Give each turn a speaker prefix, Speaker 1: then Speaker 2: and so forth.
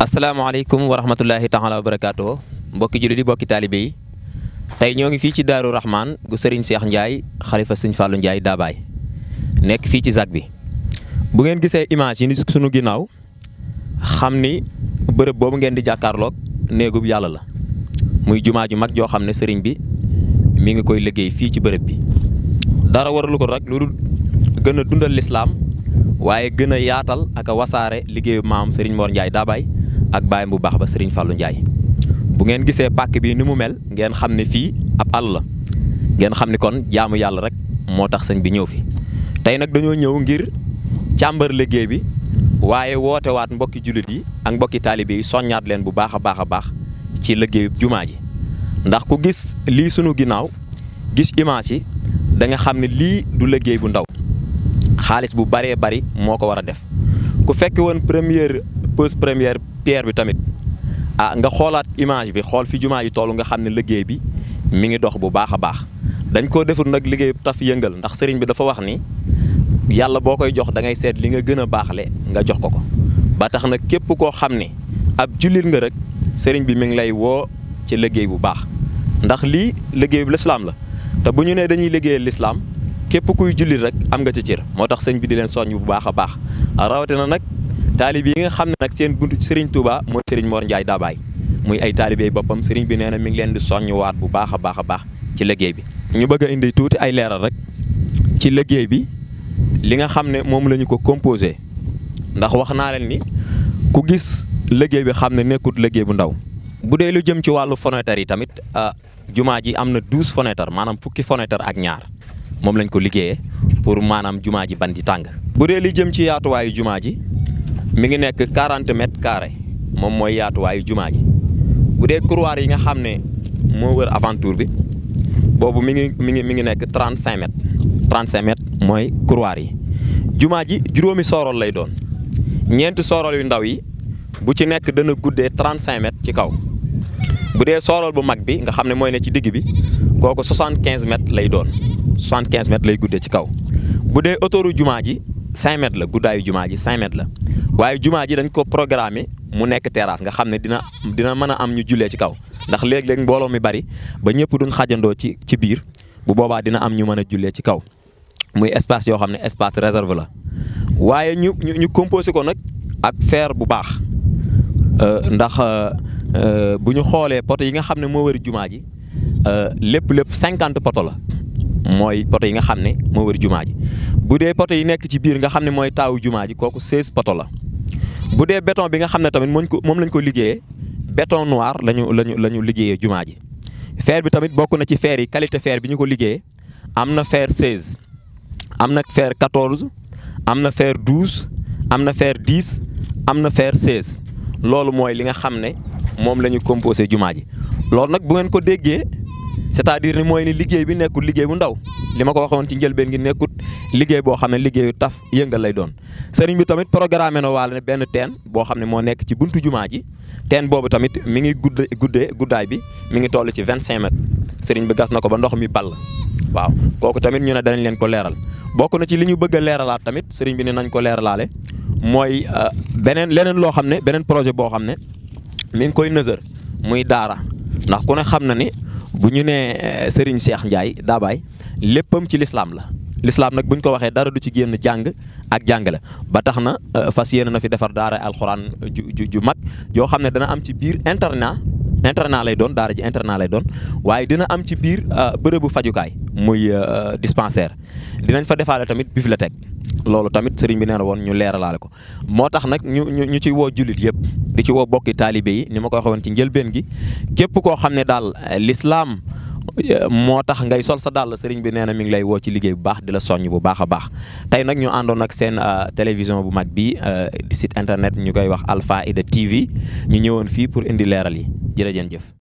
Speaker 1: asalaamaaleykum wa rahmatullahi taala wa barakaatu mbokki jullit yi mbokki taalibe yi tey ñoo ngi fii ci daaru Rahman gu sëriñ seex Ndiaye xalifa Serigne Fallou Ndiaye Dabaye nekk fii ci ZAC bi bu ngeen gisee image yi ni sunu ginnaaw xam ni bërëb boobu ngeen di jàkkaarloog néegub yàlla la muy jumaa ju mag joo xam ne sëriñ bi mi ngi koy liggéey fii ci bërëb bi dara waralu ko rek lu dul gën a dundal lislaam waaye gën a yaatal ak wasaare liggéeyu maam Serigne Mor Ndiaye Dabaye ak baayam bu baax ba Serigne Fallou Ndiaye bu ngeen gisee pàkk bi ni mu mel ngeen xam ne fii ab àll la ngeen xam ne kon jaamu yàlla rek moo tax sëñ bi ñëw fi tey nag dañoo ñëw ngir càmbar liggéey bi waaye woote waat mbokki jullit yi ak mbokki taalibe yi soññaat leen bu baax a baax a baax ci liggéeyu jumaa ji ndax ku gis lii sunu ginnaaw gis image yi da nga xam ne lii du liggéey bu ndaw xaalis bu baree bari moo ko war a def ku fekke woon première pause première pierre bi tamit a ah, nga xoolaat image bi xool fi jumaa yi toll nga xam ne liggéey bi mi ngi dox bu baax a baax dañ koo deful nag liggéey taf yëngal ndax sëriñ bi dafa wax ni yàlla boo koy jox da ngay seet li nga gën a baaxle nga jox ko ko ba tax na képp koo xam ne ab jullit nga rek sëriñ bi mi ngi lay woo ci liggéey bu baax ndax lii liggéey bu lislaam la te bu ñu nee dañuy liggéeyal lislaam képp kuy jullit rek am nga ci cër moo tax sëñ bi di leen soññ bu baax a baax rawatina nag taalib yi nga xam ne nag seen buntu Serigne Touba mooy Serigne Mor Ndiaye Dabaye muy ay taalibey boppam sëriñ bi nee na mi ngi leen di waat bu baaxa a baax a baax ci liggéey bi. ñu bëgg a indi tuuti ay leeral rek ci liggéey bi li nga xam ne moom lañu ko composé ndax wax naa leen ni ku gis liggéey bi xam ne nekkut liggéey bu ndaw. bu dee lu jëm ci wàllu fenêtre yi tamit ah, jumaa ji am na douze fenêtre maanaam fukki fenêtre ak ñaar moom lañ ko liggéeye pour maanaam jumaa ji ban di tàng. bu dee li jëm ci yaatuwaayu jumaa ji mi ngi nekk 40 mètres moom mooy yaatuwaayu jumaa ji bu dee couloir yi nga xam ne moo wër aventure bi boobu mi ngi mi ngi mi ngi nekk 35 mètres 35 mètres mooy couloir yi jumaa ji juróomi soorool lay doon ñeenti soorool yu ndaw yi bu ci nekk dana guddee 35 mètres ci kaw bu dee soorool bu mag bi nga xam ne mooy ne ci digg bi kooku 75 mètres lay doon 75 mètres lay guddee ci kaw bu dee autoroute jumaa ji 5 la guddaayu jumaa ji 5 mètres la. waaye jumaa ji dañ ko programme mu nekk terrasse nga xam ne dina dina mën a am ñu jullee ci kaw ndax léeg-léeg mbooloo mi bari ba ñëpp duñ xajandoo ci ci biir bu boobaa dina am ñu mën a jullee ci kaw muy espace yoo xam ne espace réserve la waaye ñu ñu ñu ko nag ak fer bu baax euh, ndax euh, euh, bu ñu xoolee poto yi nga xam ne moo wër jumaa ji lépp lépp cinquante poto la mooy poto yi nga xam ne moo wër jumaa ji bu dee poto yi nekk ci biir nga xam ne mooy taawu jumaa ji kooku seize poto la. bu dee beton bi nga xam ne tamit moom ko moom lañ ko liggéeyee béton noir lañu lañu la ñu liggéeyee jumaa ji fer bi tamit bokk na ci fer yi qualité fer bi ñu ko liggéeyee am na fer 16 am na fer 14 am na fer 12 am na fer 10 am na fer 16 loolu mooy li nga xam ne moom la ñu composé jumaa ji loolu nag bu ngeen ko déggee c'est-à-dire ni mooy ni liggéey bi nekkul liggéey bu ndaw li ma ko waxoon ci njëlbeen ngi nekkut liggéey boo xam ne liggéeyu taf yëngal lay doon sëriñ bi tamit programme na waale ne benn teen boo xam ne moo nekk ci buntu jumaa ji teen boobu tamit mi ngi gudd guddee guddaay bi mi ngi toll ci vingt cinq mètres sëriñ bi gas na ko ba ndox mi ball waaw kooku tamit ñu ne danañ leen ko leeral bokk na ci li ñu bëgg leeralaat tamit sëriñ bi ne nañ ko leeralaale mooy euh, beneen leneen loo xam ne beneen projet boo xam ne mi koy nësër muy daara ndax ku ne xam na ni bu ñu nee euh, sëriñ Cheikh Ndiaye daabaay léppam ci lislaam la lislaam nag bu ñu ko waxee dara du ci génn jàng ak jàngale ba tax na euh, fas yéene na fi defar daara alxuraan ju ju mag yoo xam ne dana am ci biir internat internat lay doon daara ji internat lay doon waaye dina am ci biir euh, bërëbu fajukaay muy euh, dispensaire dinañ fa defaale tamit bibliothèque loolu tamit sëriñ bi nee na woon ñu leeralaale ko moo tax nag ñu ñu ñu ci woo jullit yëpp di ci woo bokki taalibe yi ni ma ko waxee ci njëlbeen gi képp koo xam ne daal lislaam moo tax ngay sol sa dàll sëriñ bi nee na mi ngi woo ci liggéey bu baax di la soññ bu baax a baax tey nag ñu àndoon ak seen euh, télévision bu mag bi euh, di site internet ñu koy wax Alfayda TV ñu ñëwoon fii pour indi leeral yi jën jërëjëf.